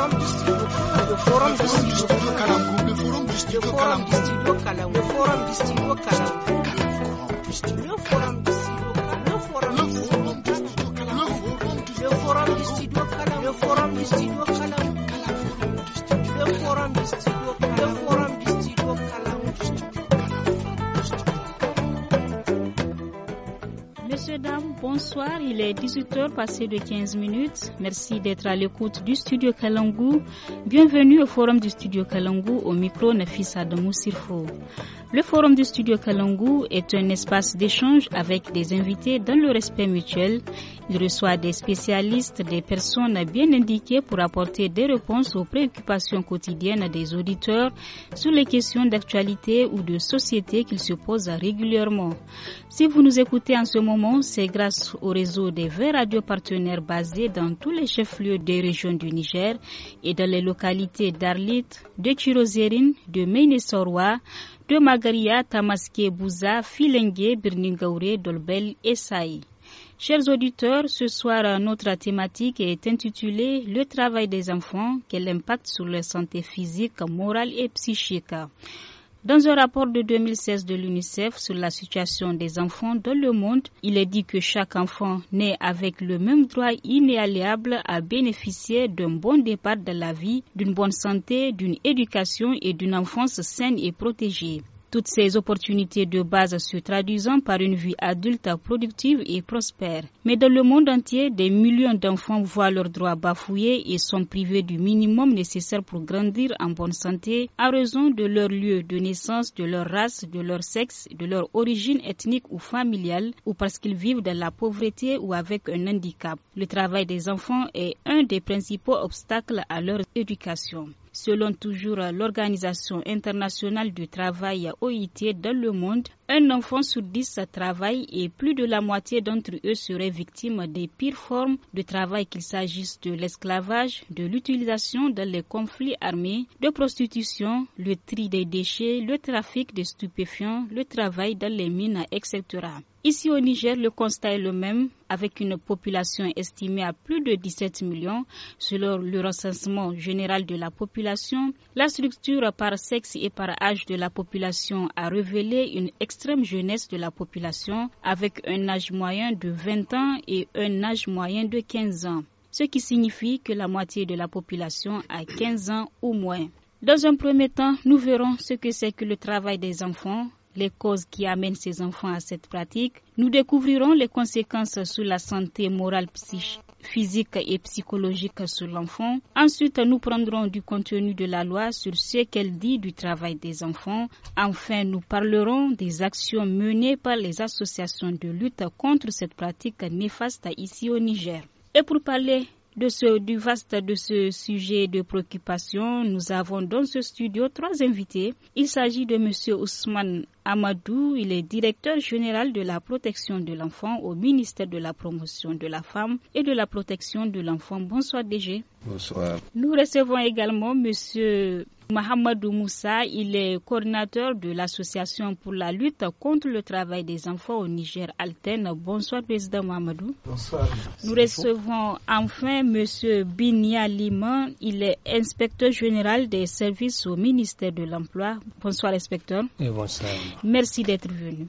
forum du studio le forum forum forum forum Mesdames, bonsoir. Il est 18h passé de 15 minutes. Merci d'être à l'écoute du studio Kalangou. Bienvenue au forum du studio Kalangou au micro Nafis Adamou Sirfo. Le forum du studio Kalangou est un espace d'échange avec des invités dans le respect mutuel il reçoit des spécialistes, des personnes bien indiquées pour apporter des réponses aux préoccupations quotidiennes des auditeurs sur les questions d'actualité ou de société qu'ils se posent régulièrement. Si vous nous écoutez en ce moment, c'est grâce au réseau des 20 radios partenaires basés dans tous les chefs-lieux des régions du Niger et dans les localités d'Arlit, de Chirozérine, de Meinesorwa, de Magaria, Tamaské, Bouza, Filengue, Birningaure, Dolbel et Saï. Chers auditeurs, ce soir, notre thématique est intitulée Le travail des enfants, quel impact sur leur santé physique, morale et psychique. Dans un rapport de 2016 de l'UNICEF sur la situation des enfants dans le monde, il est dit que chaque enfant naît avec le même droit inéaléable à bénéficier d'un bon départ de la vie, d'une bonne santé, d'une éducation et d'une enfance saine et protégée. Toutes ces opportunités de base se traduisant par une vie adulte productive et prospère. Mais dans le monde entier, des millions d'enfants voient leurs droits bafoués et sont privés du minimum nécessaire pour grandir en bonne santé à raison de leur lieu de naissance, de leur race, de leur sexe, de leur origine ethnique ou familiale ou parce qu'ils vivent dans la pauvreté ou avec un handicap. Le travail des enfants est un des principaux obstacles à leur éducation. Selon toujours l'Organisation internationale du travail OIT dans le monde, un enfant sur dix travaille et plus de la moitié d'entre eux seraient victimes des pires formes de travail qu'il s'agisse de l'esclavage, de l'utilisation dans les conflits armés, de prostitution, le tri des déchets, le trafic des stupéfiants, le travail dans les mines, etc. Ici au Niger, le constat est le même, avec une population estimée à plus de 17 millions. Selon le recensement général de la population, la structure par sexe et par âge de la population a révélé une extrême l'extrême jeunesse de la population avec un âge moyen de 20 ans et un âge moyen de 15 ans, ce qui signifie que la moitié de la population a 15 ans ou moins. Dans un premier temps, nous verrons ce que c'est que le travail des enfants, les causes qui amènent ces enfants à cette pratique. Nous découvrirons les conséquences sur la santé morale psychique physique et psychologique sur l'enfant. Ensuite, nous prendrons du contenu de la loi sur ce qu'elle dit du travail des enfants. Enfin, nous parlerons des actions menées par les associations de lutte contre cette pratique néfaste ici au Niger. Et pour parler de ce, du vaste de ce sujet de préoccupation, nous avons dans ce studio trois invités. Il s'agit de M. Ousmane Amadou, il est directeur général de la protection de l'enfant au ministère de la promotion de la femme et de la protection de l'enfant. Bonsoir DG. Bonsoir. Nous recevons également M. Mohamedou Moussa, il est coordinateur de l'association pour la lutte contre le travail des enfants au Niger Alten. Bonsoir, président Mohamedou. Bonsoir. Nous recevons enfin M. Binia Liman. Il est inspecteur général des services au ministère de l'Emploi. Bonsoir, inspecteur. Et bonsoir. Merci d'être venu.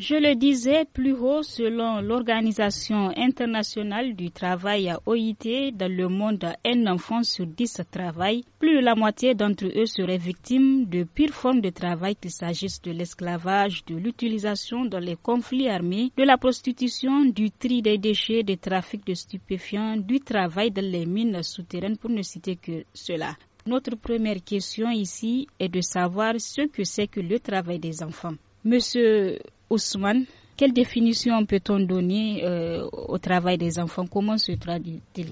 Je le disais plus haut, selon l'Organisation internationale du travail à OIT, dans le monde, un enfant sur dix travaille. Plus la moitié d'entre eux seraient victimes de pires formes de travail, qu'il s'agisse de l'esclavage, de l'utilisation dans les conflits armés, de la prostitution, du tri des déchets, des trafics de stupéfiants, du travail dans les mines souterraines, pour ne citer que cela. Notre première question ici est de savoir ce que c'est que le travail des enfants. Monsieur Ousmane, quelle définition peut-on donner euh, au travail des enfants Comment se traduit-il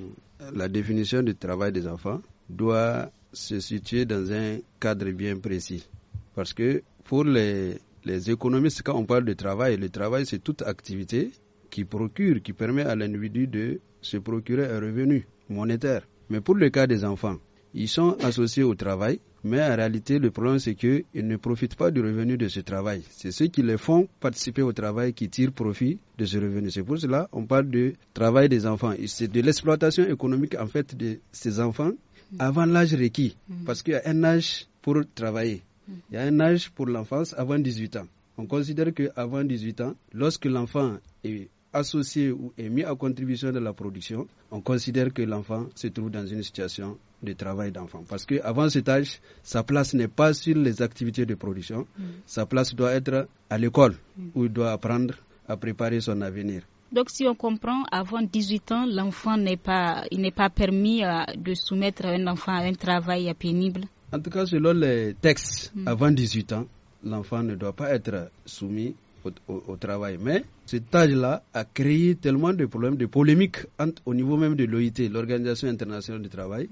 La définition du travail des enfants doit se situer dans un cadre bien précis. Parce que pour les économistes, quand on parle de travail, le travail, c'est toute activité qui procure, qui permet à l'individu de se procurer un revenu monétaire. Mais pour le cas des enfants, ils sont associés au travail mais en réalité, le problème, c'est qu'ils ne profitent pas du revenu de ce travail. C'est ceux qui les font participer au travail qui tirent profit de ce revenu. C'est pour cela qu'on parle de travail des enfants. C'est de l'exploitation économique, en fait, de ces enfants avant l'âge requis. Mm. Parce qu'il y a un âge pour travailler. Mm. Il y a un âge pour l'enfance avant 18 ans. On considère qu'avant 18 ans, lorsque l'enfant est associé ou est mis à contribution de la production, on considère que l'enfant se trouve dans une situation de travail d'enfant. Parce qu'avant cet âge, sa place n'est pas sur les activités de production, mm. sa place doit être à l'école, mm. où il doit apprendre à préparer son avenir. Donc, si on comprend, avant 18 ans, l'enfant n'est pas, il n'est pas permis euh, de soumettre un enfant à un travail pénible. En tout cas, selon les textes, mm. avant 18 ans, l'enfant ne doit pas être soumis au, travail. Mais cet âge-là a créé tellement de problèmes, de polémiques au niveau même de l'OIT, l'Organisation internationale du travail,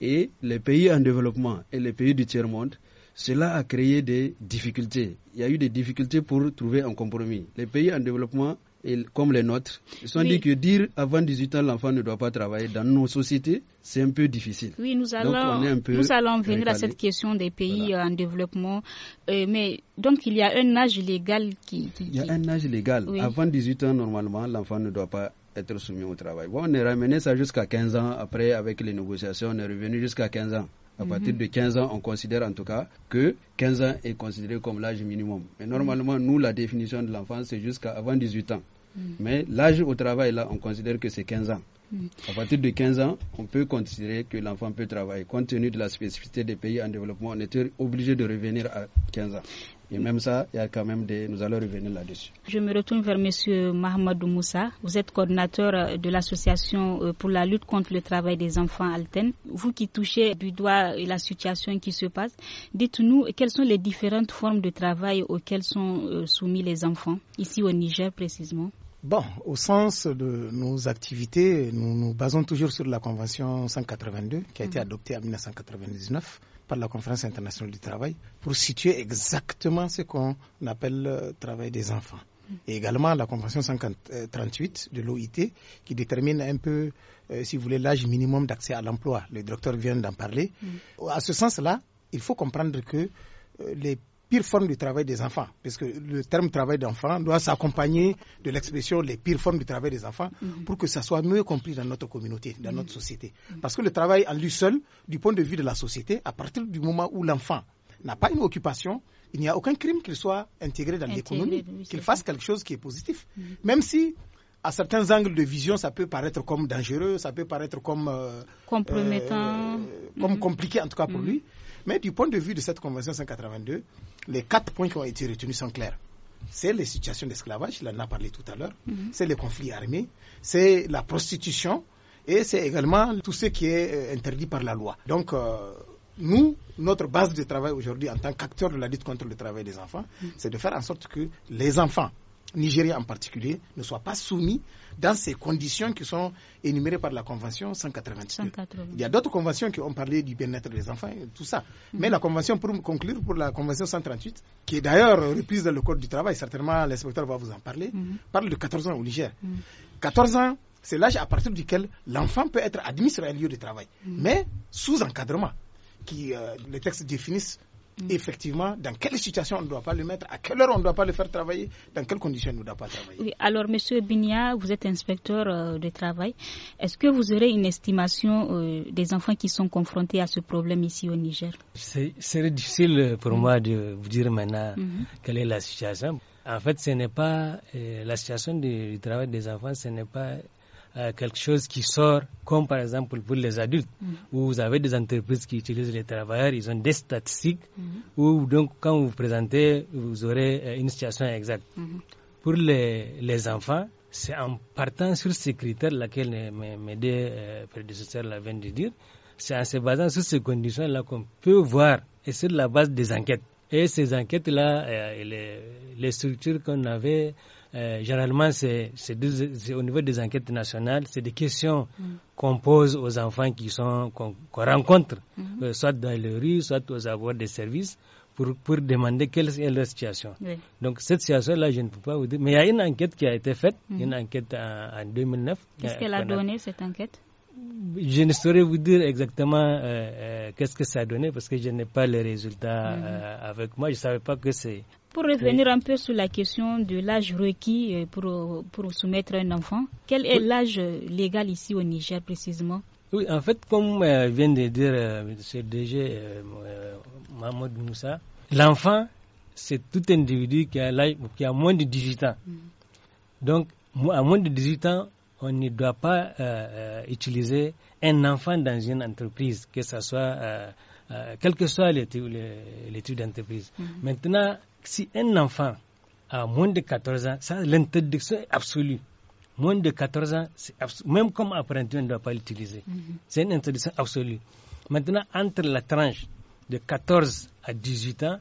et les pays en développement et les pays du tiers-monde, cela a créé des difficultés. Il y a eu des difficultés pour trouver un compromis. Les pays en développement, comme les nôtres, ils sont dit que dire avant 18 ans l'enfant ne doit pas travailler dans nos sociétés, c'est un peu difficile. Oui, nous allons, allons venir à cette question des pays en développement. Euh, mais donc il y a un âge légal qui. il y a un âge légal. Avant 18 ans, normalement, l'enfant ne doit pas être soumis au travail. Bon, on est ramené ça jusqu'à 15 ans. Après, avec les négociations, on est revenu jusqu'à 15 ans. À mhm. partir de 15 ans, on considère en tout cas que 15 ans est considéré comme l'âge minimum. Mais normalement, nous, la définition de l'enfant c'est jusqu'à avant 18 ans. Mhm. Mais l'âge au travail, là, on considère que c'est 15 ans. Mhm. À partir de 15 ans, on peut considérer que l'enfant peut travailler. Compte tenu de la spécificité des pays en développement, on était obligé de revenir à 15 ans. Et même ça, il y a quand même des, nous allons revenir là-dessus. Je me retourne vers M. Mahmoud Moussa. Vous êtes coordinateur euh, de l'association euh, pour la lutte contre le travail des enfants Alten. Vous qui touchez du doigt euh, la situation qui se passe, dites-nous quelles sont les différentes formes de travail auxquelles sont soumis les enfants, ici au Niger précisément. Bon, au sens de nos activités, nous nous basons toujours sur la Convention 182 qui a été mm. adoptée en 1999 par la Conférence internationale du travail pour situer exactement ce qu'on appelle le travail des enfants. Et également la Convention 538 euh, de l'OIT qui détermine un peu, euh, si vous voulez, l'âge minimum d'accès à l'emploi. Le docteur vient d'en parler. Mm. À ce sens-là, il faut comprendre que euh, les pire forme du travail des enfants, parce que le terme travail d'enfant doit s'accompagner de l'expression les pires formes du travail des enfants mhm. pour que ça soit mieux compris dans notre communauté, dans mhm. notre société. Parce que le travail en lui seul, du point de vue de la société, à partir du moment où l'enfant n'a pas une occupation, il n'y a aucun crime qu'il soit intégré dans l'économie, qu'il fasse quelque chose qui est positif. Mhm. Même si à certains angles de vision, ça peut paraître comme dangereux, ça peut paraître comme euh, compromettant, euh, comme compliqué en tout cas pour lui. Mais du point de vue de cette Convention 182, les quatre points qui ont été retenus sont clairs. C'est les situations d'esclavage, il en a parlé tout à l'heure, mhm. c'est les conflits armés, c'est la prostitution et c'est également tout ce qui est euh, interdit par la loi. Donc, euh, nous, notre base de travail aujourd'hui en tant qu'acteur de la lutte contre le travail des enfants, mhm. c'est de faire en sorte que les enfants Nigeria en particulier, ne soit pas soumis dans ces conditions qui sont énumérées par la Convention 182. Il y a d'autres conventions qui ont parlé du bien-être des enfants, et tout ça. Mhm. Mais la Convention, pour conclure, pour la Convention 138, qui est d'ailleurs reprise dans le Code du travail, certainement l'inspecteur va vous en parler, mhm. parle de 14 ans au Niger. 14 mhm. ans, c'est l'âge à partir duquel l'enfant peut être admis sur un lieu de travail, mais sous encadrement, qui euh, les textes définissent Mm. effectivement dans quelle situation on ne doit pas le mettre, à quelle heure on ne doit pas le faire travailler, dans quelles conditions on ne doit pas travailler. alors Monsieur Binia, vous êtes inspecteur euh, de travail. Est-ce que vous aurez une estimation euh, des enfants qui sont confrontés à ce problème ici au Niger C'est difficile pour mm. moi de vous dire maintenant mm-hmm. quelle est la situation. En fait, ce n'est pas euh, la situation du travail des enfants, ce n'est pas euh, quelque chose qui sort, comme par exemple pour les adultes, mm-hmm. où vous avez des entreprises qui utilisent les travailleurs, ils ont des statistiques, mm-hmm. où donc quand vous vous présentez, vous aurez euh, une situation exacte. Mm-hmm. Pour les, les enfants, c'est en partant sur ces critères, laquelle mes, deux euh, prédécesseurs l'avaient de dire, c'est en se basant sur ces conditions-là qu'on peut voir, et c'est la base des enquêtes. Et ces enquêtes-là, les, structures qu'on avait euh, généralement, c'est au niveau des enquêtes nationales, c'est des questions mm. qu'on pose aux enfants qui sont qu'on rencontre, mm-hmm. euh, soit dans les rues, soit aux avoirs des services, pour, pour demander quelle est leur situation. Donc, cette situation-là, je ne peux pas vous dire. Mais il y a une enquête qui a été faite, mm-hmm. une enquête en 2009. Qu'est-ce qu'elle a donné, cette enquête je ne saurais vous dire exactement euh, euh, qu'est-ce que ça donné parce que je n'ai pas les résultats mhm. euh, avec moi. Je ne savais pas que c'est. Pour revenir un peu sur la question de l'âge requis pour, pour soumettre un enfant, quel est l'âge légal ici au Niger précisément Oui, en fait, comme vient de dire M. DG Mahmoud Moussa, l'enfant, c'est tout individu qui a, qui a moins de 18 ans. Mhm. Donc, à moins de 18 ans, on ne doit pas euh, euh, utiliser un enfant dans une entreprise, que ce soit, euh, euh que soit l'étude d'entreprise. Mhm. Maintenant, si un enfant a moins de 14 ans, ça, l'interdiction est absolue. Moins de 14 ans, même comme apprenti, on ne doit pas l'utiliser. Mhm. C'est une interdiction absolue. Maintenant, entre la tranche de 14 à 18 ans,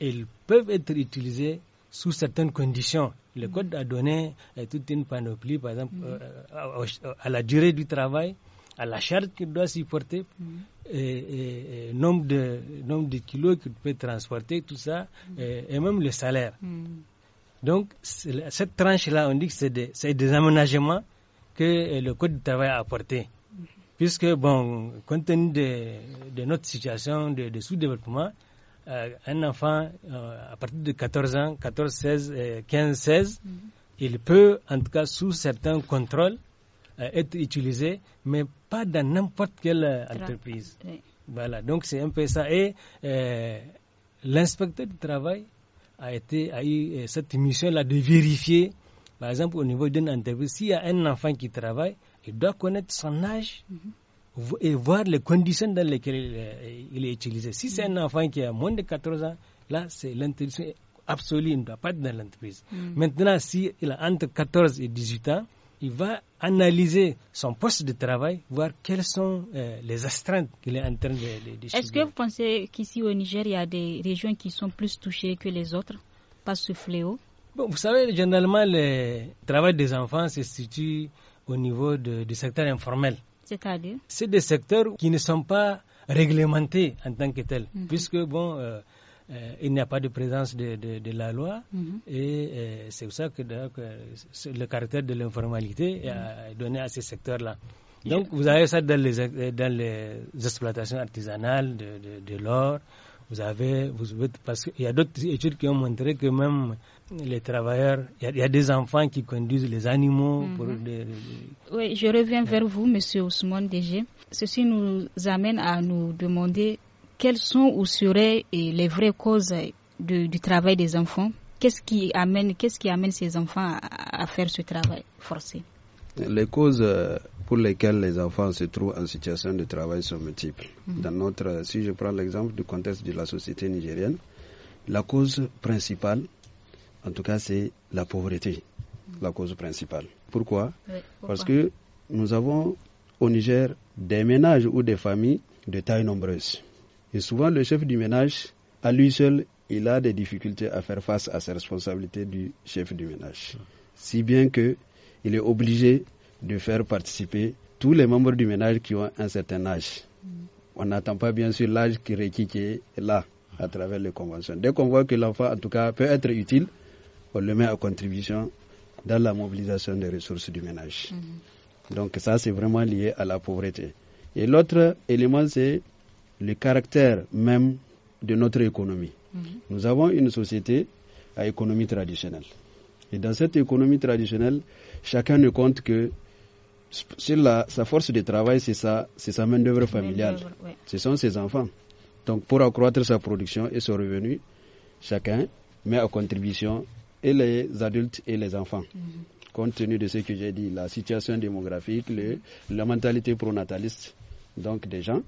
ils peuvent être utilisés sous certaines conditions. Le Code a donné euh, toute une panoplie, par exemple, mm-hmm. euh, à, la durée du travail, à la charge qu'il doit supporter, mm. et, nombre, de, nombre de kilos qu'il peut transporter, tout ça, et, même le salaire. Mm-hmm. Donc, cette tranche-là, on dit que c'est des, aménagements que euh, le Code du travail a apportés. Puisque, bon, compte tenu de, notre situation de, de sous-développement, euh, un enfant, euh, à partir de 14 ans, 14, 16, 15, 16, il peut, en tout cas, sous certains contrôles, euh, être utilisé, mais pas dans n'importe quelle entreprise. Voilà, donc c'est un peu ça. Et l'inspecteur du travail a, été, eu cette mission-là de vérifier, par exemple, au niveau d'une entreprise, s'il y a un enfant qui travaille, il doit connaître son âge. Mhm et voir les conditions dans lesquelles il est utilisé. Si c'est un enfant qui a moins de 14 ans, là, c'est l'interdiction absolue, il ne doit pas être dans l'entreprise. Mm. Maintenant, s'il si a entre 14 et 18 ans, il va analyser son poste de travail, voir quelles sont euh, les astreintes qu'il est en train de, de, Est-ce que vous pensez qu'ici au Niger, il y a des régions qui sont plus touchées que les autres par ce fléau bon, Vous savez, généralement, le travail des enfants se situe au niveau du secteur informel cest des secteurs qui ne sont pas réglementés en tant que tels, mhm. puisque, bon, euh, euh, il n'y a pas de présence de, la loi, mhm. et euh, c'est pour ça que le caractère de l'informalité est mhm. donné à ces secteurs-là. Donc, vous avez ça dans les, dans les exploitations artisanales de, de l'or. Vous avez, vous, parce qu'il y a d'autres études qui ont montré que même les travailleurs, il y, a des enfants qui conduisent les animaux. Mhm. Oui, je reviens vers vous, Monsieur Ousmane DG. Ceci nous amène à nous demander quelles sont ou seraient eh, les vraies causes du travail des enfants. Qu'est-ce qui amène, qu'est-ce qui amène ces enfants à, faire ce travail forcé Les causes euh, pour lesquelles les enfants se trouvent en situation de travail sont multiples. Mhm. Dans notre, si je prends l'exemple du contexte de la société nigérienne, la cause principale, en tout cas, c'est la pauvreté, la cause principale. Pourquoi, Parce que nous avons au Niger des ménages ou des familles de taille nombreuse. Et souvent, le chef du ménage, à lui seul, il a des difficultés à faire face à ses responsabilités du chef du ménage. Si bien que il est obligé de faire participer tous les membres du ménage qui ont un certain âge. Mm. On n'attend pas bien sûr l'âge qui, qui est là à travers les conventions. Dès qu'on voit que l'enfant, en tout cas, peut être utile, on le met à contribution dans la mobilisation des ressources du ménage. Mhm. Donc ça, c'est vraiment lié à la pauvreté. Et l'autre élément, c'est le caractère même de notre économie. Mhm. Nous avons une société à économie traditionnelle. Et dans cette économie traditionnelle, chacun ne compte que sur sa force de travail, c'est sa, sa main-d'œuvre familiale. Ce sont ses enfants. Donc, pour accroître sa production et son revenu, chacun met à contribution et les adultes et les enfants. Mhm. Compte tenu de ce que j'ai dit, la situation démographique, le, la mentalité pronataliste, donc des gens. Mhm.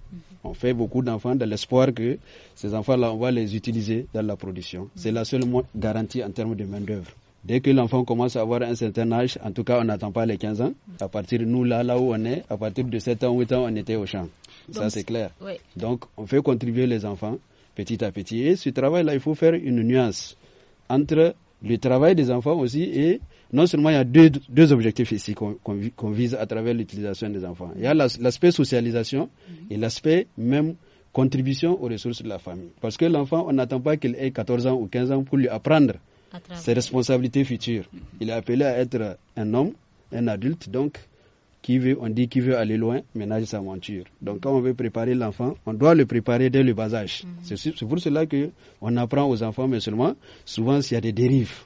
On fait beaucoup d'enfants dans l'espoir que ces enfants-là, on va les utiliser dans la production. Mhm. C'est la seule garantie en termes de main-d'œuvre. Dès que l'enfant commence à avoir un certain âge, en tout cas, on n'attend pas les 15 ans. À partir de nous, là, là où on est, à partir de 7 ans, 8 ans, on était au champ. Ça, c'est clair. Donc, on fait contribuer les enfants petit à petit. Et ce travail-là, il faut faire une nuance entre le travail des enfants aussi et non seulement il y a deux, deux objectifs ici qu'on vise à travers l'utilisation des enfants. Il y a l'aspect socialisation mhm. et l'aspect même contribution aux ressources de la famille. Parce que l'enfant, on n'attend pas qu'il ait 14 ans ou 15 ans pour lui apprendre ses responsabilités futures. Mhm. Il est appelé à être un homme, un adulte, donc on dit qu'il veut aller loin, ménage sa monture. Donc quand on veut préparer l'enfant, on doit le préparer dès le bas âge. Mhm. C'est pour cela qu'on apprend aux enfants, mais seulement, souvent s'il y a des dérives,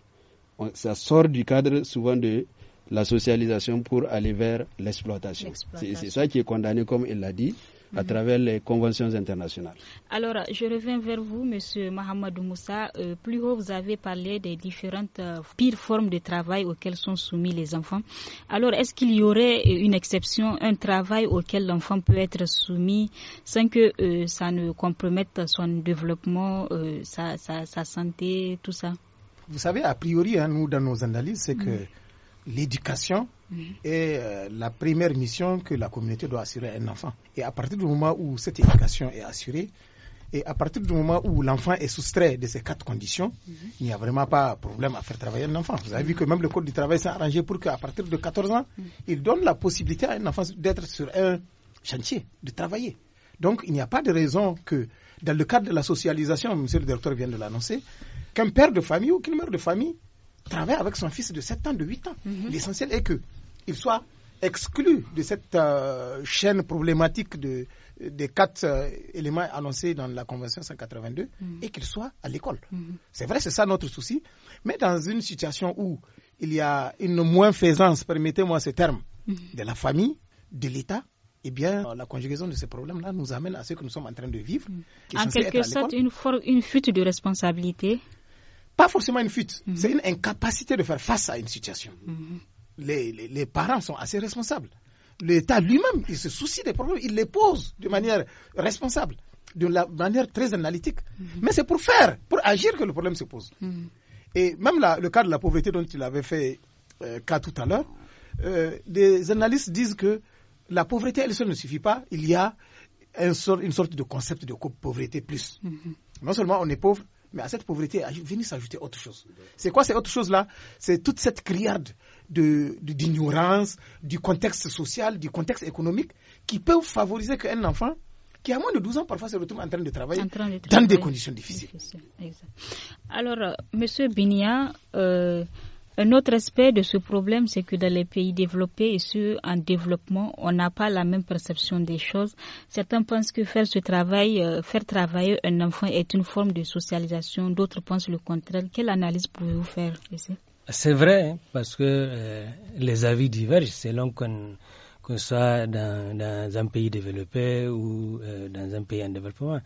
ça sort du cadre souvent de la socialisation pour aller vers l'exploitation. C'est ça qui est condamné, comme il l'a dit à travers les conventions internationales. Alors, je reviens vers vous, Monsieur Mahamadou Moussa. Euh, plus haut, vous avez parlé des différentes euh, pires formes de travail auxquelles sont soumis les enfants. Alors, est-ce qu'il y aurait une exception, un travail auquel l'enfant peut être soumis sans que euh, ça ne compromette son développement, sa, santé, tout ça Vous savez, a priori, hein, nous, dans nos analyses, c'est que l'éducation, Mhm. est euh, la première mission que la communauté doit assurer à un enfant. Et à partir du moment où cette éducation est assurée, et à partir du moment où l'enfant est soustrait de ces quatre conditions, mhm. il n'y a vraiment pas de problème à faire travailler un enfant. Vous avez vu que même le Code du travail s'est arrangé pour qu'à partir de 14 ans, mhm. il donne la possibilité à un enfant d'être sur un chantier, de travailler. Donc il n'y a pas de raison que, dans le cadre de la socialisation, monsieur le directeur vient de l'annoncer, qu'un père de famille ou qu'une mère de famille travaille avec son fils de 7 ans, de 8 ans. L'essentiel est que il soit exclu de cette euh, chaîne problématique des quatre euh, éléments annoncés dans la Convention 182 mm. et qu'il soit à l'école. Mm. C'est vrai, c'est ça notre souci. Mais dans une situation où il y a une moins-faisance, permettez-moi ce terme, mm. de la famille, de l'État, eh bien, la conjugaison de ces problèmes-là nous amène à ce que nous sommes en train de vivre. En quelque sorte, une fuite de responsabilité Pas forcément une fuite, c'est une incapacité de faire face à une situation les, parents sont assez responsables. L'État lui-même, il se soucie des problèmes, il les pose de manière responsable, de la manière très analytique. Mhm. Mais c'est pour faire, pour agir que le problème se pose. Mhm. Et même le cas de la pauvreté dont il avait fait euh, cas tout à l'heure, euh, des analystes disent que la pauvreté elle seule ne suffit pas, il y a une sorte, de concept de pauvreté plus. Mhm. Non seulement on est pauvre, mais à cette pauvreté venir s'ajouter autre chose. C'est quoi cette autre chose-là C'est toute cette criarde d'ignorance, de, d'ignorance, du contexte social, du contexte économique, qui peuvent favoriser qu'un enfant qui a moins de 12 ans parfois se retrouve en train de travailler, dans des conditions difficiles. Alors, euh, Monsieur Binia, euh, un autre aspect de ce problème, c'est que dans les pays développés et ceux en développement, on n'a pas la même perception des choses. Certains pensent que faire ce travail, euh, faire travailler un enfant est une forme de socialisation. D'autres pensent le contraire. Quelle analyse pouvez-vous faire ici c'est vrai, parce que euh, les avis divergent selon qu'on soit dans, un pays développé ou euh, dans un pays en développement.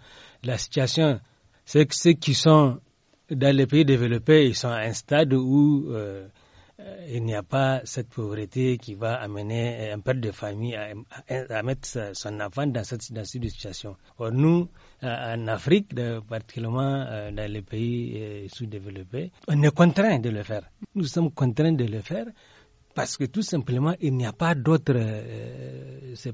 La situation, c'est que ceux qui sont dans les pays développés, ils sont à un stade où euh, il n'y a pas cette pauvreté qui va amener un père de famille à, mettre son enfant dans cette, dans cette situation. Or, nous, euh, en Afrique, particulièrement euh, dans les pays euh, sous-développés, on est contraint de le faire. Nous sommes contraints de le faire parce que tout simplement, il n'y a pas d'autres,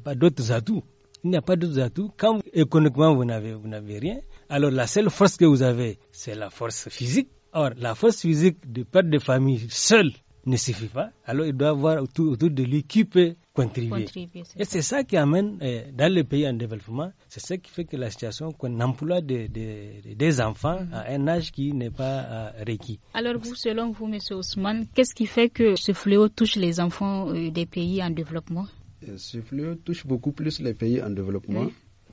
pas d'autres atouts. Il n'y a pas d'autres atouts. Quand économiquement vous n'avez, vous n'avez rien, alors la seule force que vous avez, c'est la force physique. Or, la force physique de père de famille seul ne suffit pas, alors il doit avoir autour, de lui qui peut contribuer. et c'est ça qui amène, euh, dans les pays en développement, c'est ça qui fait que la situation qu'on emploie des, enfants mhm. à un âge qui n'est pas euh, requis. Alors, vous, selon vous, M. Ousmane, qu'est-ce qui fait que ce fléau touche les enfants euh, des pays en développement Ce fléau touche beaucoup plus les pays en développement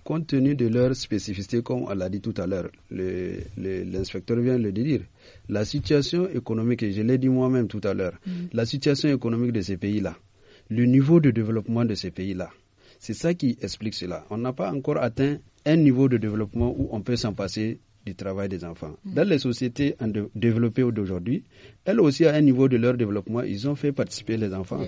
compte tenu de leur spécificité, comme on l'a dit tout à l'heure, l'inspecteur vient le dire, la situation économique, et je l'ai dit moi-même tout à l'heure, mm. la situation économique de ces pays-là, le niveau de développement de ces pays-là, c'est ça qui explique cela. On n'a pas encore atteint un niveau de développement où on peut s'en passer du travail des enfants. Dans les sociétés en développées d'aujourd'hui, elles aussi, à un niveau de leur développement, ils ont fait participer les enfants.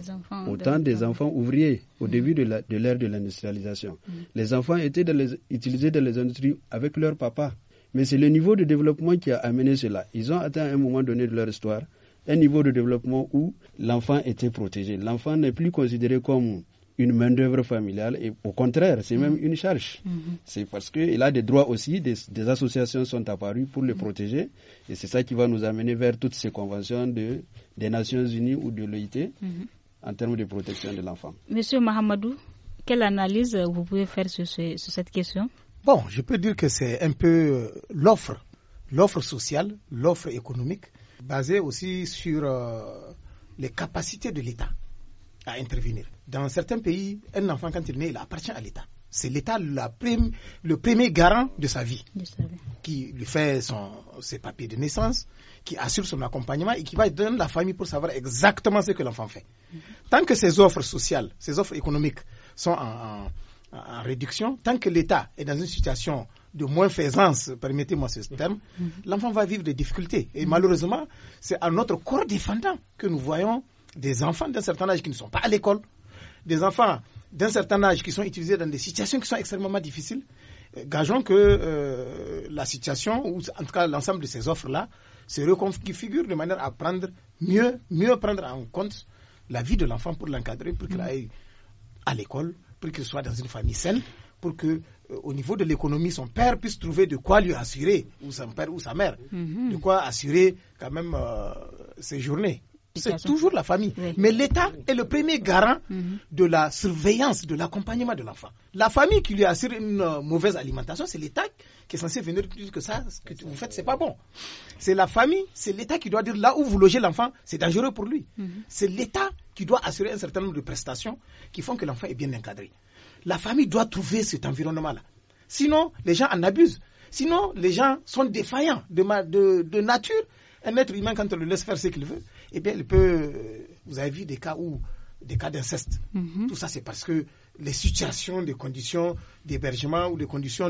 Autant des enfants ouvriers au mm. début de l'ère de l'industrialisation. Mm. Les enfants étaient utilisés dans les industries avec leur papa. Mais c'est le niveau de développement qui a amené cela. Ils ont atteint à un moment donné de leur histoire un niveau de développement où l'enfant était protégé. L'enfant n'est plus considéré comme une main-d'œuvre familiale. Et au contraire, c'est même une charge. Mhm. Mhm. C'est parce qu'il a des droits aussi, des, associations sont apparues pour les protéger. Et c'est ça qui va nous amener vers toutes ces conventions de, des Nations Unies ou de l'OIT mhm. en termes de protection de l'enfant. Monsieur Mahamadou, quelle analyse vous pouvez faire sur, cette question Bon, je peux dire que c'est un peu euh, l'offre, l'offre sociale, l'offre économique, basée aussi sur euh, les capacités de l'État à intervenir. Dans certains pays, un enfant, quand il naît, il appartient à l'État. C'est l'État le premier garant de sa vie, qui lui fait son, ses papiers de naissance, qui assure son accompagnement et qui va donner la famille pour savoir exactement ce que l'enfant fait. Mm-hmm. Tant que ses offres sociales, ses offres économiques sont en, réduction, tant que l'État est dans une situation de moins-faisance, permettez-moi ce terme, mm-hmm. l'enfant va vivre des difficultés. Et malheureusement, c'est à notre corps défendant que nous voyons des enfants d'un certain âge qui ne sont pas à l'école, des enfants d'un certain âge qui sont utilisés dans des situations qui sont extrêmement difficiles. Euh, gageons que euh, la situation, ou en tout cas l'ensemble de ces offres-là, se reconfigure de manière à prendre mieux, mieux prendre en compte la vie de l'enfant pour l'encadrer, pour qu'il mm. aille à l'école, pour qu'il soit dans une famille saine, pour que euh, au niveau de l'économie, son père puisse trouver de quoi lui assurer, ou son père ou sa mère, mm-hmm. de quoi assurer quand même ses journées c'est toujours la famille. Mais l'État est le premier garant mhm. de la surveillance, de l'accompagnement de l'enfant. La famille qui lui assure une euh, mauvaise alimentation, c'est l'État qui est censé venir dire que ça, ce que vous faites, c'est pas bon. C'est la famille, c'est l'État qui doit dire là où vous logez l'enfant, c'est dangereux pour lui. Mhm. C'est l'État qui doit assurer un certain nombre de prestations qui font que l'enfant est bien encadré. La famille doit trouver cet environnement-là. Sinon, les gens en abusent. Sinon, les gens sont défaillants de, de nature. Un être humain, quand on le laisse faire ce qu'il veut, eh bien, Vous avez vu des cas où des cas d'inceste. Mhm. Tout ça, c'est parce que les situations, les conditions d'hébergement ou les conditions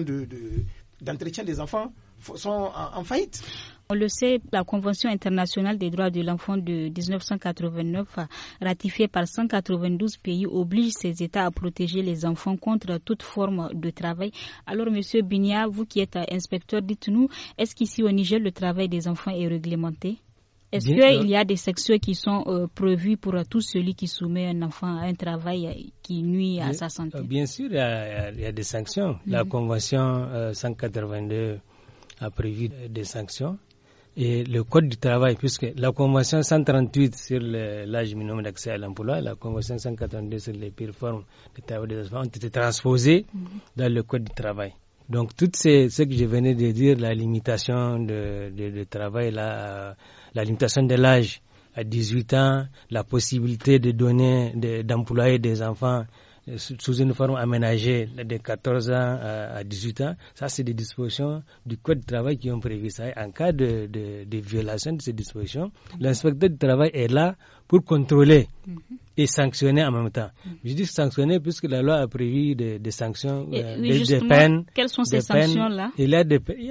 d'entretien des enfants sont en, faillite. On le sait, la Convention internationale des droits de l'enfant de 1989, ratifiée par 192 pays, oblige ces États à protéger les enfants contre toute forme de travail. Alors, Monsieur Bignard, vous qui êtes inspecteur, dites-nous, est-ce qu'ici au Niger, le travail des enfants est réglementé est-ce qu'il euh, y a des sections qui sont euh, prévues pour tout celui qui soumet un enfant à un travail euh, qui nuit à sa santé euh, Bien sûr, il y a, des sanctions. La mhm. Convention 182 a prévu des sanctions. Et le Code du travail, puisque la Convention 138 sur l'âge minimum d'accès à l'emploi, la Convention 182 sur les pires formes de travail des enfants ont été transposées mhm. dans le Code du travail. Donc, tout ce que je venais de dire, la limitation de, de, de travail, là, la limitation de l'âge à 18 ans, la possibilité de donner, d'employer des enfants euh, sous une forme aménagée de 14 ans à 18 ans. Ça, c'est des dispositions du Code du travail qui ont prévu ça. en cas de, de, violation de ces dispositions, l'inspecteur du travail est là pour contrôler mm-hmm. et sanctionner en même temps. Mm-hmm. Je dis sanctionner puisque la loi a prévu des, sanctions, et, euh, des, peines. Quelles sont ces sanctions-là il, y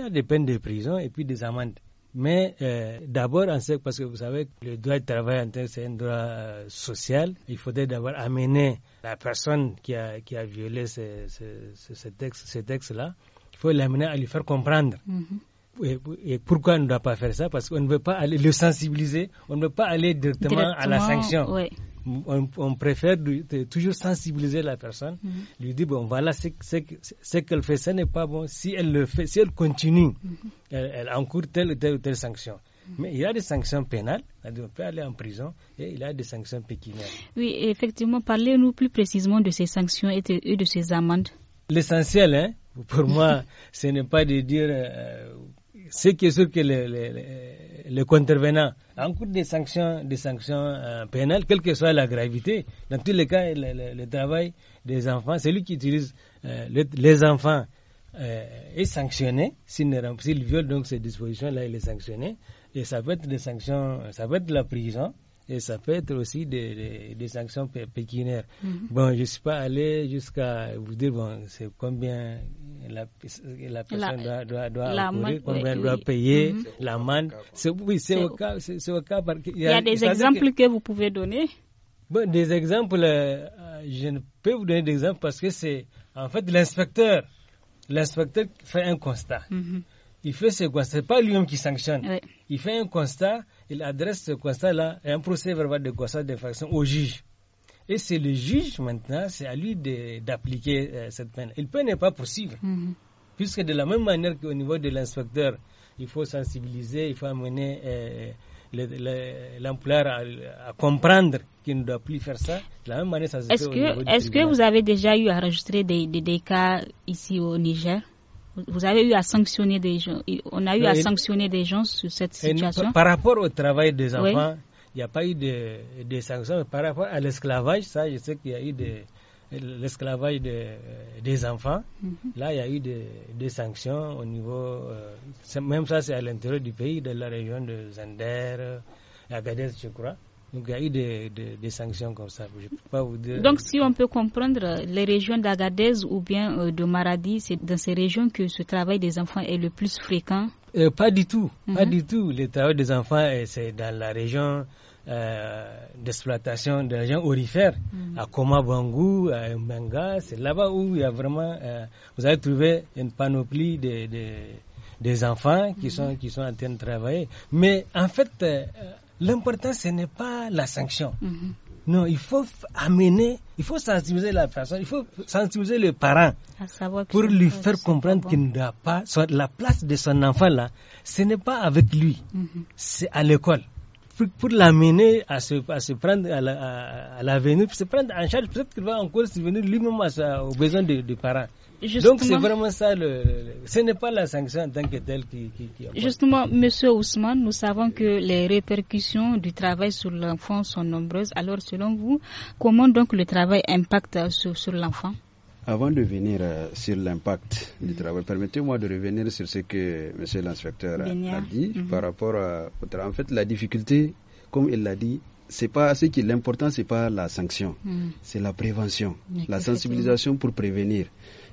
a des peines de prison et puis des amendes. Mais euh, d'abord, parce que vous savez, le droit de travail en c'est un droit euh, social. Il faudrait d'abord amener la personne qui a, qui a violé ce, texte-là, il faut l'amener à lui faire comprendre. Mm-hmm. Et, pourquoi on ne doit pas faire ça Parce qu'on ne veut pas aller le sensibiliser, on ne veut pas aller directement, à la sanction on, préfère toujours sensibiliser la personne, mm-hmm. lui dire bon voilà ce qu'elle fait, ce n'est pas bon. Si elle le fait, si elle continue, mm-hmm. elle, encourt telle ou telle ou telle sanction. Mm-hmm. Mais il y a des sanctions pénales, on peut aller en prison, et il y a des sanctions pécuniaires. Oui, effectivement, parlez-nous plus précisément de ces sanctions et de, ces amendes. L'essentiel, hein, pour moi, ce n'est pas de dire euh, c'est qui est sûr que le les, les contrevenants des sanctions, des sanctions euh, pénales, quelle que soit la gravité. Dans tous les cas, le, travail des enfants, celui qui utilise euh, les enfants euh, est sanctionné s'il viole donc ces dispositions-là, il est sanctionné. Et ça peut être des sanctions, ça peut être la prison, et ça peut être aussi des, sanctions pécuniaires. Mm-hmm. Bon, je ne suis pas allé jusqu'à vous dire, bon, c'est combien la, la personne doit, doit, doit, combien doit payer, mm-hmm. la manne. Oui, c'est au, cas. cas Il y a, des exemples que... vous pouvez donner bon, Des exemples, euh, je ne peux vous donner d'exemple parce que c'est en fait l'inspecteur. L'inspecteur fait un constat. Mm-hmm. Il fait ce constat. Ce n'est pas lui-même qui sanctionne. Il fait un constat il adresse ce constat-là, un procès verbal de constat d'infraction au juge. Et c'est le juge maintenant, c'est à lui d'appliquer euh, cette peine. Il peut n'est pas poursuivre, mm-hmm. puisque de la même manière qu'au niveau de l'inspecteur, il faut sensibiliser, il faut amener euh, l'employeur à, comprendre qu'il ne doit plus faire ça. De la même manière, ça se est fait que, Est-ce que vous avez déjà eu à enregistrer des, des cas ici au Niger vous avez eu à sanctionner des gens. On a eu à sanctionner des gens sur cette situation. par rapport au travail des enfants, il n'y a pas eu de, sanctions. Par rapport à l'esclavage, ça, je sais qu'il y a eu de, l'esclavage des enfants. Mhm. Là, il y a eu des, sanctions au niveau. Euh, même ça, c'est à l'intérieur du pays, de la région de Zander, euh, Agadez, je crois. Donc il y a eu des, sanctions comme ça. pas Donc si on peut comprendre, les régions d'Agadez ou bien euh, de Maradi, c'est dans ces régions que ce travail des enfants est le plus fréquent euh, Pas du tout, pas mhm. du tout. Le travail des enfants, euh, c'est dans la région d'exploitation des régions orifères, mhm. à Koma Bangou, à Mbenga. C'est là-bas où il y a vraiment, vous allez trouver une panoplie de, des enfants qui, mhm. sont, qui sont en train de travailler. Mais en fait L'important, ce n'est pas la sanction. Mhm. Non, il faut amener, il faut sensibiliser la personne, il faut sensibiliser les parents pour lui faire comprendre qu'il ne doit pas, la place de son enfant là, ce n'est pas avec lui, mhm. c'est à l'école. Pour, l'amener à se, prendre à la, à, se prendre en charge, peut-être qu'il va encore se venir lui-même aux besoins des de parents. Donc c'est vraiment ça, ce n'est pas la sanction en tant que telle qui... justement, Monsieur Ousmane, nous savons que les répercussions du travail sur l'enfant sont nombreuses. Alors selon vous, comment donc le travail impacte sur, l'enfant avant de venir euh, sur l'impact du travail, permettez-moi de revenir sur ce que M. l'inspecteur a, dit mhm. par rapport à, euh, En fait, la difficulté, comme il l'a dit, c'est pas ce qui l'important, c'est pas la sanction, mhm. c'est la prévention, la sensibilisation pour prévenir.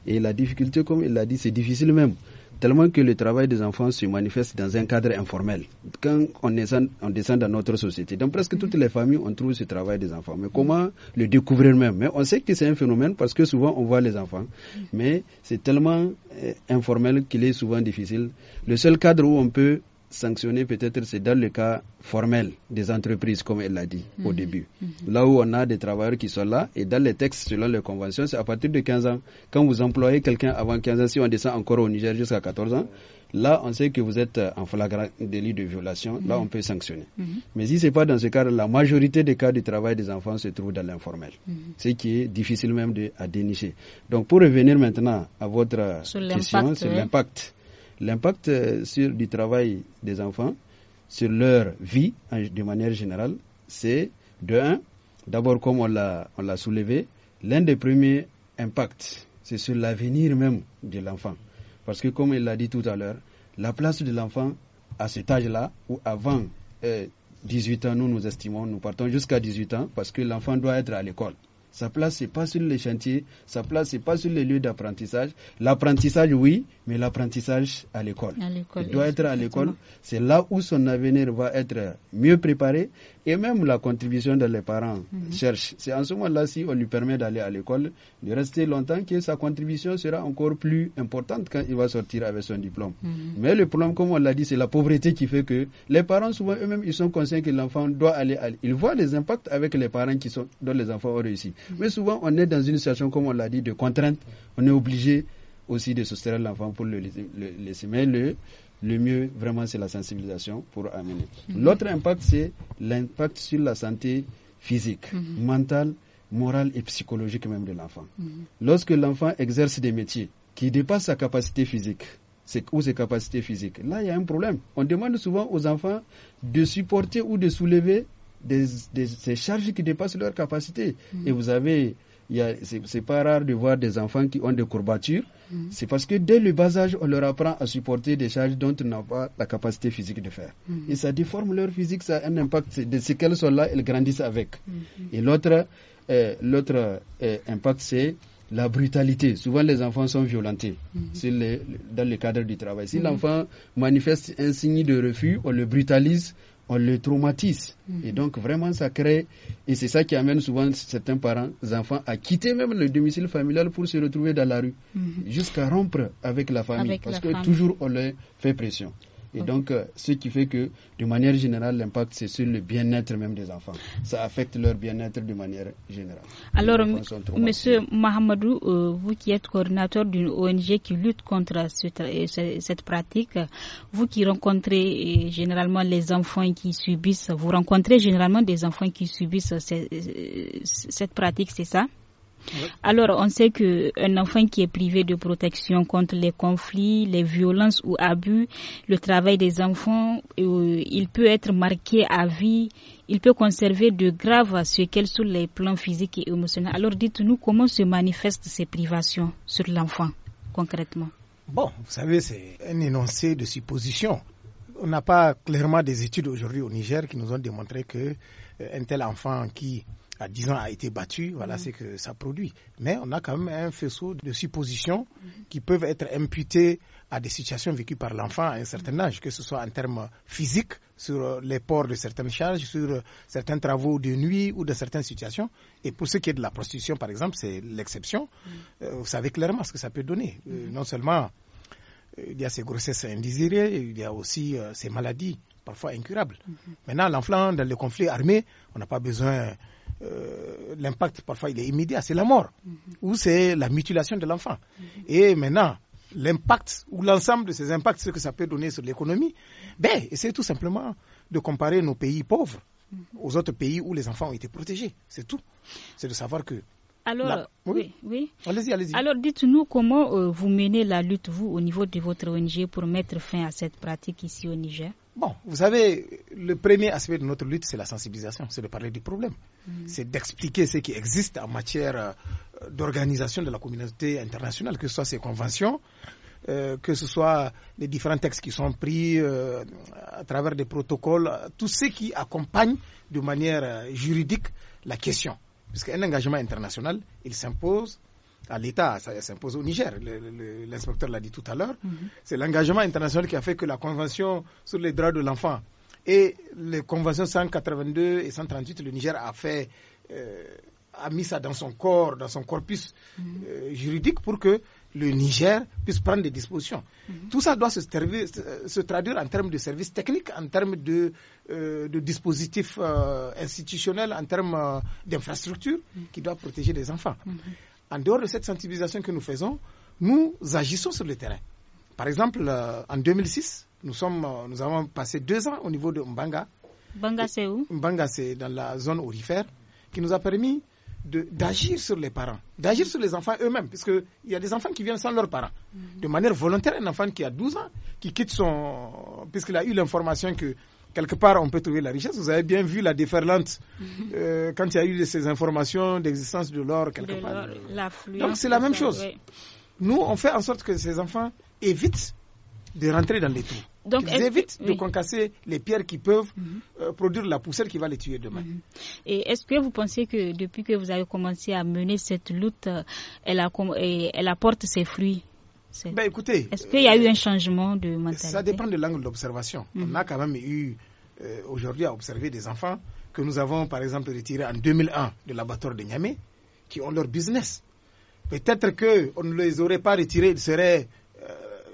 Et la difficulté, comme il l'a dit, c'est difficile même. Tellement que le travail des enfants se manifeste dans un cadre informel. Quand on descend, descend dans notre société, dans presque toutes les familles, on trouve ce travail des enfants. Mais comment le découvrir même Mais on sait que c'est un phénomène parce que souvent on voit les enfants. Mais c'est tellement euh, informel qu'il est souvent difficile. Le seul cadre où on peut sanctionner peut-être, c'est dans le cas formel des entreprises, comme elle l'a dit au mhm. début. Mhm. Là où on a des travailleurs qui sont là, et dans les textes, selon les conventions, c'est à partir de 15 ans. Quand vous employez quelqu'un avant 15 ans, si on descend encore au Niger jusqu'à 14 ans, là, on sait que vous êtes en flagrant délit de violation. Là, on mhm. peut sanctionner. Mais si ce n'est pas dans ce cas, la majorité des cas de travail des enfants se trouvent dans l'informel, ce qui est difficile même de, à dénicher. Donc, pour revenir maintenant à votre question sur l'impact. L'impact euh, sur du travail des enfants, sur leur vie de manière générale, c'est de un, d'abord comme on l'a soulevé, l'un des premiers impacts, c'est sur l'avenir même de l'enfant. Parce que comme il l'a dit tout à l'heure, la place de l'enfant à cet âge-là, ou avant 18 euh, ans, nous nous estimons, nous partons jusqu'à 18 ans, parce que l'enfant doit être à l'école. Sa place, n'est pas sur les chantiers. Sa place, n'est pas sur les lieux d'apprentissage. L'apprentissage, oui, mais l'apprentissage à l'école. Il doit être à l'école. C'est là où son avenir va être mieux préparé. Et même la contribution de les parents mhm. cherchent. cherche. C'est en ce moment-là, si on lui permet d'aller à l'école, de rester longtemps, que sa contribution sera encore plus importante quand il va sortir avec son diplôme. Mhm. Mais le problème, comme on l'a dit, c'est la pauvreté qui fait que les parents, souvent eux-mêmes, ils sont conscients que l'enfant doit aller à Ils voient les impacts avec les parents qui sont, dont les enfants ont réussi. Mais souvent, on est dans une situation, comme on l'a dit, de contrainte. On est obligé aussi de soustraire l'enfant pour le laisser. Mais le, mieux, vraiment, c'est la sensibilisation pour amener. Mhm. L'autre impact, c'est l'impact sur la santé physique, mhm. mentale, morale et psychologique même de l'enfant. Mhm. Lorsque l'enfant exerce des métiers qui dépassent sa capacité physique, ou ses capacités physiques. Là, il y a un problème. On demande souvent aux enfants de supporter ou de soulever des, ces charges qui dépassent leur capacité. Mm. Et vous avez, c'est pas rare de voir des enfants qui ont des courbatures. Mm. C'est parce que dès le bas âge, on leur apprend à supporter des charges dont ils n'ont pas la capacité physique de faire. Mm. Et ça déforme leur physique, ça a un impact. De ce qu'elles sont là, elles grandissent avec. Mm-hmm. Et l'autre euh, l'autre euh, impact, c'est la brutalité. Souvent, les enfants sont violentés mm-hmm. dans le cadre du travail. Si mm-hmm. l'enfant manifeste un signe de refus, on le brutalise, on les traumatise. Et mhm. donc, vraiment, ça crée. Et c'est ça qui amène souvent certains parents, enfants, à quitter même le domicile familial pour se retrouver dans la rue, mhm. jusqu'à rompre avec la famille, parce que toujours on leur fait pression. Et donc, euh, ce qui fait que, de manière générale, l'impact, c'est sur le bien-être même des enfants. Ça affecte leur bien-être de manière générale. Alors, Monsieur Mahamadou, euh, vous qui êtes coordinateur d'une ONG qui lutte contre euh, cette, pratique, vous qui rencontrez généralement les enfants qui subissent, vous rencontrez généralement des enfants qui subissent cette pratique, c'est ça alors, on sait qu'un enfant qui est privé de protection contre les conflits, les violences ou abus, le travail des enfants, euh, il peut être marqué à vie, il peut conserver de graves séquelles sur les plans physiques et émotionnels. Alors, dites-nous comment se manifestent ces privations sur l'enfant concrètement. Bon, vous savez, c'est un énoncé de supposition. On n'a pas clairement des études aujourd'hui au Niger qui nous ont démontré que euh, un tel enfant qui à 10 ans a été battu, voilà c'est mm. ce que ça produit. Mais on a quand même un faisceau de suppositions mm-hmm. qui peuvent être imputées à des situations vécues par l'enfant à un certain âge, que ce soit en termes physiques, sur euh, les ports de certaines charges, sur euh, certains travaux de nuit ou de certaines situations. Et pour ce qui est de la prostitution, par exemple, c'est l'exception. Mm. Euh, vous savez clairement ce que ça peut donner. Mm-hmm. non seulement il y a ces grossesses indésirées, il y a aussi ces maladies parfois incurables. Mm-hmm. Maintenant, l'enfant dans le conflit armé, on n'a pas besoin euh, l'impact parfois il est immédiat, c'est la mort mm-hmm. ou c'est la mutilation de l'enfant. Et maintenant, l'impact ou l'ensemble de ces impacts, ce que ça peut donner sur l'économie, ben, c'est tout simplement de comparer nos pays pauvres mm-hmm. aux autres pays où les enfants ont été protégés. C'est tout. C'est de savoir que alors, oui, oui. Alors, dites-nous comment euh, vous menez la lutte, vous, au niveau de votre ONG, pour mettre fin à cette pratique ici au Niger Bon, vous savez, le premier aspect de notre lutte, c'est la sensibilisation, c'est de parler du problème, mm. c'est d'expliquer ce qui existe en matière euh, d'organisation de la communauté internationale, que ce soit ces conventions, euh, que ce soit les différents textes qui sont pris euh, à travers des protocoles, tout ce qui accompagne de manière juridique la question. Parce qu'un engagement international, il s'impose à l'État, ça s'impose au Niger. L'inspecteur l'a dit tout à l'heure. Mhm. C'est l'engagement international qui a fait que la Convention sur les droits de l'enfant et les conventions 182 et 138, le Niger a fait, euh, a mis ça dans son corps, dans son corpus mhm. euh, juridique pour que le Niger puisse prendre des dispositions. Mhm. Tout ça doit se, traduire en termes de services techniques, en termes de, euh, de dispositifs institutionnels, en termes d'infrastructures qui doivent protéger les enfants en dehors de cette sensibilisation que nous faisons, nous agissons sur le terrain. Par exemple, euh, en 2006, nous, sommes, euh, nous avons passé deux ans au niveau de Mbanga. Mbanga, c'est où Mbanga, c'est dans la zone orifère, qui nous a permis d'agir sur les parents, d'agir sur les enfants eux-mêmes, Puisqu'il y a des enfants qui viennent sans leurs parents. Mm. De manière volontaire, un enfant qui a 12 ans, qui quitte son... puisqu'il a eu l'information que quelque part, on peut trouver la richesse. Vous avez bien vu la déferlante euh, quand il y a eu ces informations d'existence de l'or, quelque part. Donc, c'est la même chose. Nous, on fait en sorte que ces enfants évitent de rentrer dans les trous. ils évitent de concasser les pierres qui peuvent mhm. euh, produire la poussière qui va les tuer demain. Mhm. Et est-ce que vous pensez que depuis que vous avez commencé à mener cette lutte, euh, elle apporte ses fruits ben écoutez, est-ce qu'il y a euh, eu un changement de mentalité Ça dépend de l'angle d'observation. On mhm. a quand même eu euh, aujourd'hui à observer des enfants que nous avons par exemple retirés en 2001 de l'abattoir de Niamey, qui ont leur business. Peut-être qu'on ne les aurait pas retirés, ils seraient, euh,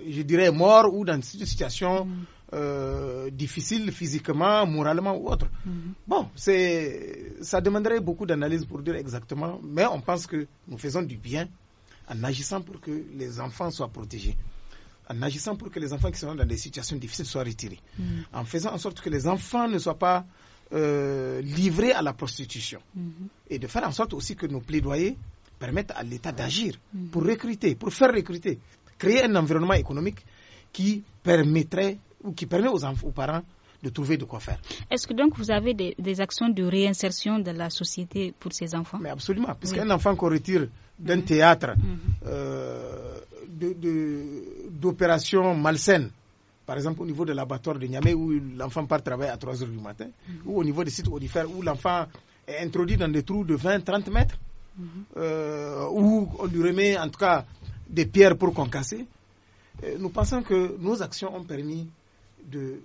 je dirais, morts ou dans une situation mhm. difficile physiquement, moralement ou autre. Mhm. Bon, c'est, ça demanderait beaucoup d'analyse pour dire exactement, mais on pense que nous faisons du bien en agissant pour que les enfants soient protégés, en agissant pour que les enfants qui sont dans des situations difficiles soient retirés, mm-hmm. en faisant en sorte que les enfants ne soient pas euh, livrés à la prostitution, mm-hmm. et de faire en sorte aussi que nos plaidoyers permettent à l'État d'agir mm-hmm. pour recruter, pour faire recruter, créer un environnement économique qui permettrait ou qui permet aux, aux parents de trouver de quoi faire. Est-ce que donc vous avez des, actions de réinsertion de la société pour ces enfants Mais absolument, puisqu'un un enfant qu'on retire d'un mhm. théâtre mhm. Euh, d'opérations malsaines, par exemple au niveau de l'abattoir de Niamey où l'enfant part travailler à 3 heures du matin, mhm. ou au niveau des sites aurifères où l'enfant est introduit dans des trous de 20-30 mètres, euh, où on lui remet en tout cas des pierres pour concasser, euh, nous pensons que nos actions ont permis de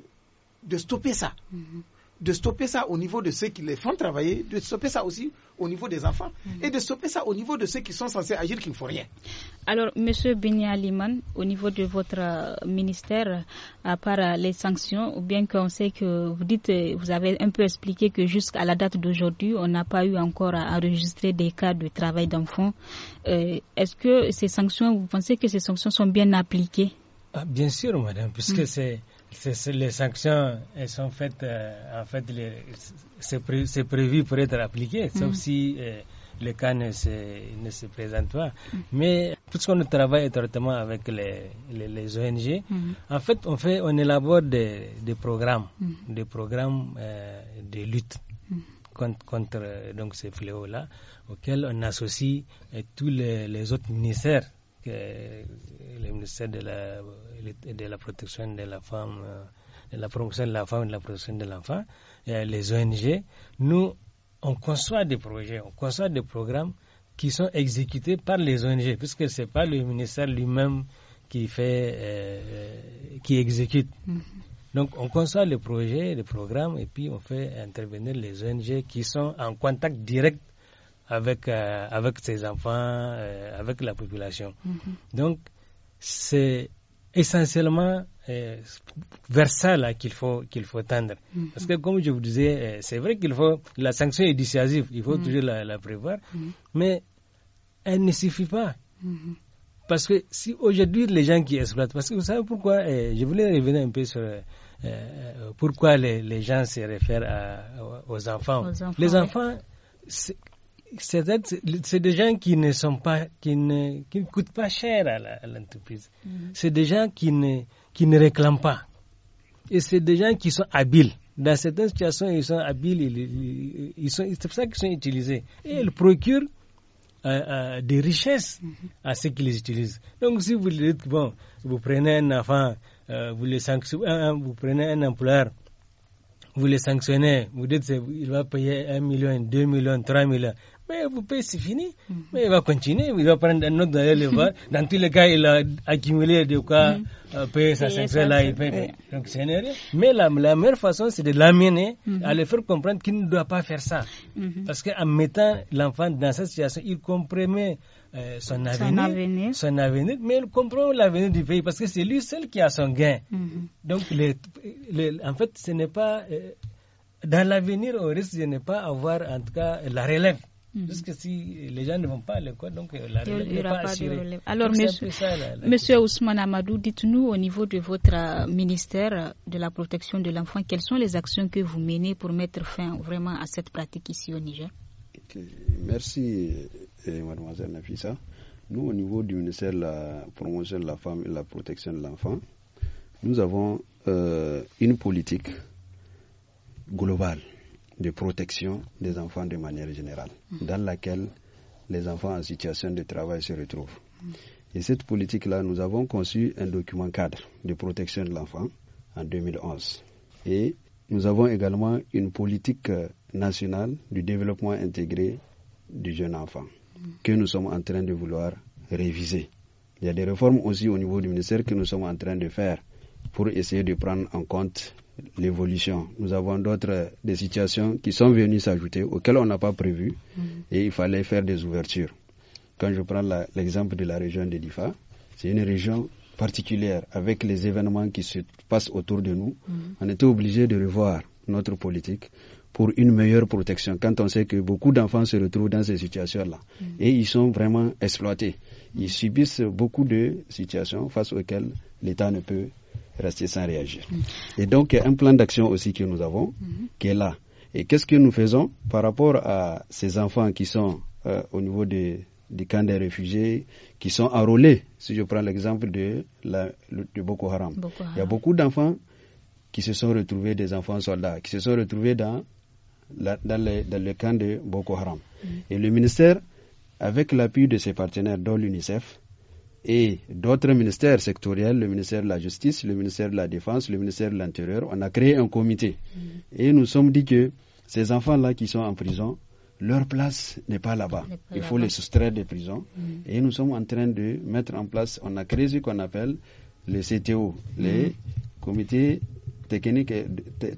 de stopper ça. Mhm. De stopper ça au niveau de ceux qui les font travailler, de stopper ça aussi au niveau des enfants mhm. et de stopper ça au niveau de ceux qui sont censés agir qui ne font rien. Alors, Monsieur Beni Aliman, au niveau de votre euh, ministère, à part euh, les sanctions, ou bien qu'on sait que vous dites, euh, vous avez un peu expliqué que jusqu'à la date d'aujourd'hui, on n'a pas eu encore à enregistrer des cas de travail d'enfants. Est-ce que ces sanctions, vous pensez que ces sanctions sont bien appliquées ah, Bien sûr, madame, puisque mm. c'est les sanctions, elles sont faites, euh, en fait, c'est prévu pour être appliqué, sauf mm. si euh, le cas ne se, ne se présente pas. Mm. mais tout ce puisqu'on travaille étroitement avec les, les, ONG, mm. en fait, on fait, on élabore des, des programmes, des programmes euh, de lutte contre, donc ces fléaux-là, auxquels on associe tous les, les autres ministères que le ministère de la, de la protection de la femme, de la promotion de la femme et de la protection de l'enfant, euh, les ONG, nous, on conçoit des projets, on conçoit des programmes qui sont exécutés par les ONG, puisque ce n'est pas le ministère lui-même qui fait, euh, qui exécute. Mhm. Donc, on conçoit les projets, les programmes, et puis on fait intervenir les ONG qui sont en contact direct avec, euh, avec ses enfants, euh, avec la population. Mhm. Donc, c'est essentiellement euh, vers ça là qu'il faut qu'il faut tendre. Mhm. Parce que comme je vous disais, c'est vrai qu'il faut la sanction est dissuasive, il faut mhm. toujours la, prévoir, mais elle ne suffit pas. Parce que si aujourd'hui les gens qui exploitent, parce que vous savez pourquoi, je voulais revenir un peu sur pourquoi les, gens se réfèrent aux, enfants. les enfants c'est des gens qui ne sont pas, qui ne, qui coûtent pas cher à l'entreprise. Mhm. C'est des gens qui ne, qui ne réclament pas. Et c'est des gens qui sont habiles. Dans certaines situations, ils sont habiles, ils, sont, c'est pour ça qu'ils sont utilisés. Et ils procurent euh, euh, des richesses mhm. à ceux qui les utilisent. Donc, si vous dites, bon, vous prenez un enfant, euh, vous les sanctionnez, vous prenez un employeur, vous le sanctionnez, vous dites, il va payer 1 million, 2 millions, 3 millions mais vous pouvez, c'est fini. Mais mhm. il va continuer, il va prendre un autre le Dans tous les cas, il a accumulé de quoi payer sa là, il paye. Mais la, meilleure façon, c'est de l'amener mhm. à le faire comprendre qu'il ne doit pas faire ça. Mhm. Parce qu'en mettant l'enfant dans cette situation, il compromet euh, son, avenir, son avenir, mais il comprend l'avenir du pays parce que c'est lui seul qui a son gain. Donc, en fait, ce n'est pas. Euh, dans l'avenir, on risque de ne pas avoir, en tout cas, la relève. Parce mhm. que si les gens ne vont pas à l'école, donc euh, la relève pas, pas Alors, monsieur, monsieur Ousmane Amadou, dites-nous au niveau de votre euh, ministère euh, de la protection de l'enfant, quelles sont les actions que vous menez pour mettre fin vraiment à cette pratique ici au Niger Merci, mademoiselle Nafisa. Nous, au niveau du ministère de la promotion de la femme et de la protection de l'enfant, nous avons une politique globale de protection des enfants de manière générale, mm. dans laquelle les enfants en situation de travail se retrouvent. Mm. Et cette politique-là, nous avons conçu un document cadre de protection de l'enfant en 2011. Et nous avons également une politique euh, nationale du développement intégré du jeune enfant mm. que nous sommes en train de vouloir réviser. Il y a des réformes aussi au niveau du ministère que nous sommes en train de faire pour essayer de prendre en compte l'évolution. Nous avons d'autres des situations qui sont venues s'ajouter auxquelles on n'a pas prévu mm-hmm. et il fallait faire des ouvertures. Quand je prends l'exemple de la région de Difa, c'est une région particulière avec les événements qui se passent autour de nous. Mm-hmm. On était obligé de revoir notre politique pour une meilleure protection quand on sait que beaucoup d'enfants se retrouvent dans ces situations-là mm-hmm. et ils sont vraiment exploités. Ils subissent beaucoup de situations face auxquelles l'État ne peut rester sans réagir. Et donc, un plan d'action aussi que nous avons, mhm. qui est là. Et qu'est-ce que nous faisons par rapport à ces enfants qui sont euh, au niveau des, camps des réfugiés, qui sont enrôlés Si je prends l'exemple de, la, de Boko, Haram. il y a beaucoup d'enfants qui se sont retrouvés, des enfants soldats, qui se sont retrouvés dans, la, dans, le camp de Boko Haram. Mhm. Et le ministère, avec l'appui de ses partenaires, dont l'UNICEF, et d'autres ministères sectoriels, le ministère de la Justice, le ministère de la Défense, le ministère de l'Intérieur, on a créé un comité. Mm. Et nous sommes dit que ces enfants-là qui sont en prison, leur place n'est pas là-bas. Il faut les soustraire des prisons. Mm. Et nous sommes en train de mettre en place, on a créé ce qu'on appelle les CTO, les mm. comités techniques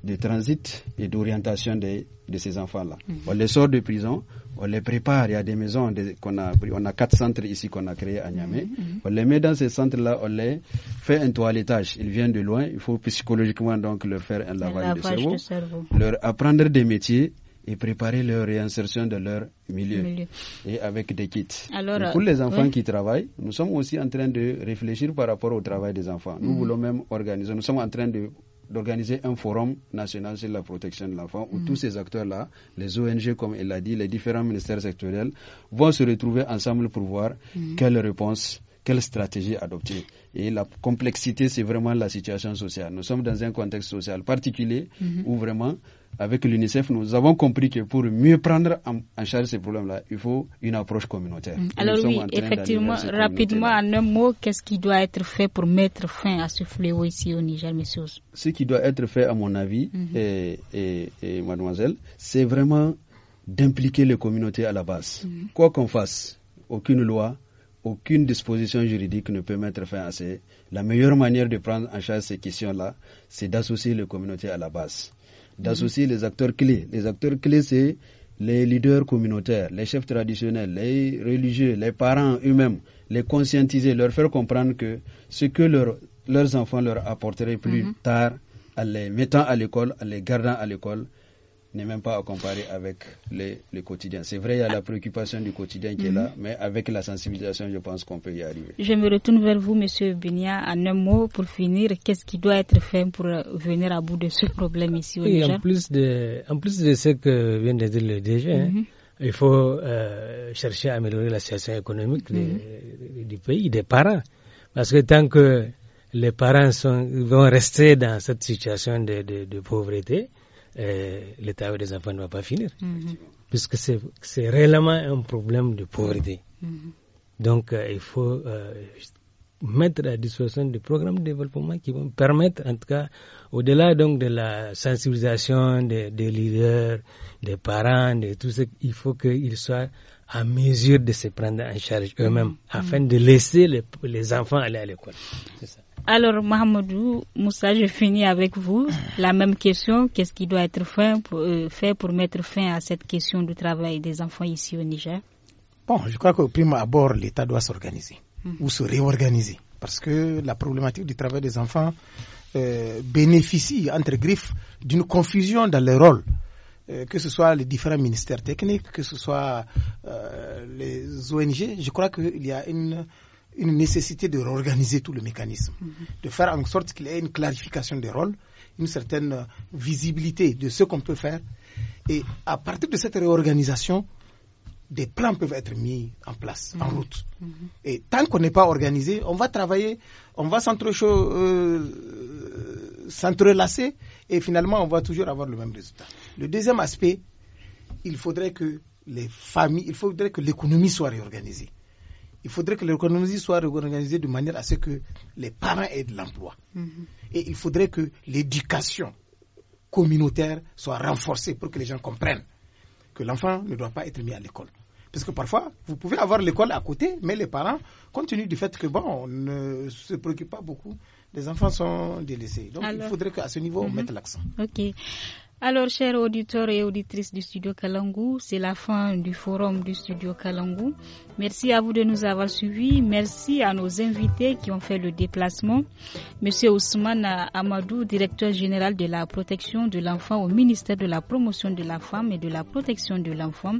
de, transit et d'orientation de, de, ces enfants-là. Mhm. On les sort de prison, on les prépare. Il y a des maisons qu'on a On a quatre centres ici qu'on a créés à Niamey. Mhm. Mhm. On les met dans ces centres-là, on les fait un toilettage. Ils viennent de loin. Il faut psychologiquement donc leur faire un lavage, de cerveau, leur apprendre des métiers et préparer leur réinsertion dans leur milieu, et avec des kits. Alors, pour les euh, enfants qui travaillent, nous sommes aussi en train de réfléchir par rapport au travail des enfants. Nous voulons même organiser, nous sommes en train de d'organiser un forum national sur la protection de l'enfant où mm. tous ces acteurs-là, les ONG comme il l'a dit, les différents ministères sectoriels, vont se retrouver ensemble pour voir mm. quelle réponse, quelle stratégie adopter. Et la complexité, c'est vraiment la situation sociale. Nous sommes dans un contexte social particulier mm-hmm. où vraiment avec l'UNICEF, nous avons compris que pour mieux prendre en, charge ces problèmes-là, il faut une approche communautaire. Mm. Alors oui, effectivement, rapidement, en un mot, qu'est-ce qui doit être fait pour mettre fin à ce fléau ici au Niger, messieurs Ce qui doit être fait, à mon avis, mhm. et, mademoiselle, c'est vraiment d'impliquer les communautés à la base. Mhm. Quoi qu'on fasse, aucune loi, aucune disposition juridique ne peut mettre fin à ces. La meilleure manière de prendre en charge ces questions-là, c'est d'associer les communautés à la base d'associer les acteurs clés. Les acteurs clés, c'est les leaders communautaires, les chefs traditionnels, les religieux, les parents eux-mêmes, les conscientiser, leur faire comprendre que ce que leurs enfants leur apporteraient plus mhm. tard, en les mettant à l'école, en les gardant à l'école, n'est même pas à comparer avec les, le quotidien. C'est vrai, il y a la préoccupation du quotidien qui est là, mhm. mais avec la sensibilisation, je pense qu'on peut y arriver. Je me retourne vers vous, Monsieur Benia, en un mot pour finir. Qu'est-ce qui doit être fait pour euh, venir à bout de ce problème ici au oui, en plus de, en plus de ce que vient de dire le DG, hein, mhm. il faut euh, chercher à améliorer la situation économique mhm. du pays, des parents, parce que tant que les parents sont, vont rester dans cette situation de, de pauvreté, eh, l'État travail des enfants ne va pas finir. Mhm. Puisque c'est réellement un problème de pauvreté. Mhm. Mhm. Donc, euh, il faut euh, mettre à disposition des programmes de développement qui vont permettre, en tout cas, au-delà donc de la sensibilisation des, des, leaders, des parents, de tout ce qu'il faut qu'ils soient à mesure de se prendre en charge eux-mêmes, afin de laisser les, les enfants aller à l'école. C'est ça. Alors, Mahmoudou Moussa, je finis avec vous. La même question, qu'est-ce qui doit être euh, fait pour, pour mettre fin à cette question du travail des enfants ici au Niger Bon, je crois qu'au prime abord, l'État doit s'organiser mhm. ou se réorganiser. Parce que la problématique du travail des enfants euh, bénéficie, entre griffes, d'une confusion dans les rôles euh, que ce soit les différents ministères techniques, que ce soit les ONG, je crois qu'il y a une une nécessité de réorganiser tout le mécanisme, mhm. de faire en sorte qu'il y ait une clarification des rôles, une certaine euh, visibilité de ce qu'on peut faire. Et à partir de cette réorganisation, des plans peuvent être mis en place, en mhm. route. Mhm. Et tant qu'on n'est pas organisé, on va travailler, on va euh, s'entrelacer et finalement on va toujours avoir le même résultat. Le deuxième aspect, il faudrait que les familles, il faudrait que l'économie soit réorganisée il faudrait que l'économie soit réorganisée de manière à ce que les parents aient de l'emploi. Mhm. Et il faudrait que l'éducation communautaire soit renforcée pour que les gens comprennent que l'enfant ne doit pas être mis à l'école. Parce que parfois, vous pouvez avoir l'école à côté, mais les parents, continuent du fait que, bon, on ne se préoccupe pas beaucoup, les enfants sont délaissés. Donc, il faudrait qu'à ce niveau, on mhm. mette l'accent. OK. Alors, chers auditeurs et auditrices du Studio Kalangou, c'est la fin du forum du Studio Kalangou. Merci à vous de nous avoir suivis. Merci à nos invités qui ont fait le déplacement. Monsieur Ousmane Amadou, directeur général de la protection de l'enfant au ministère de la promotion de la femme et de la protection de l'enfant.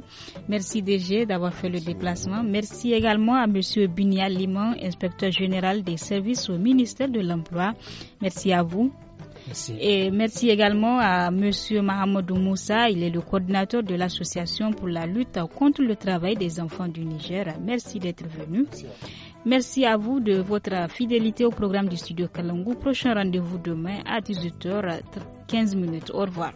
Merci DG d'avoir fait le déplacement. Merci également à Monsieur Binia Liman, inspecteur général des services au ministère de l'Emploi. Merci à vous. Merci. Et merci également à M. Mahamadou Moussa. Il est le coordinateur de l'association pour la lutte contre le travail des enfants du Niger. Merci d'être venu. Merci. à vous de votre fidélité au programme du studio Kalangou. Prochain rendez-vous demain à 18h15. Au revoir.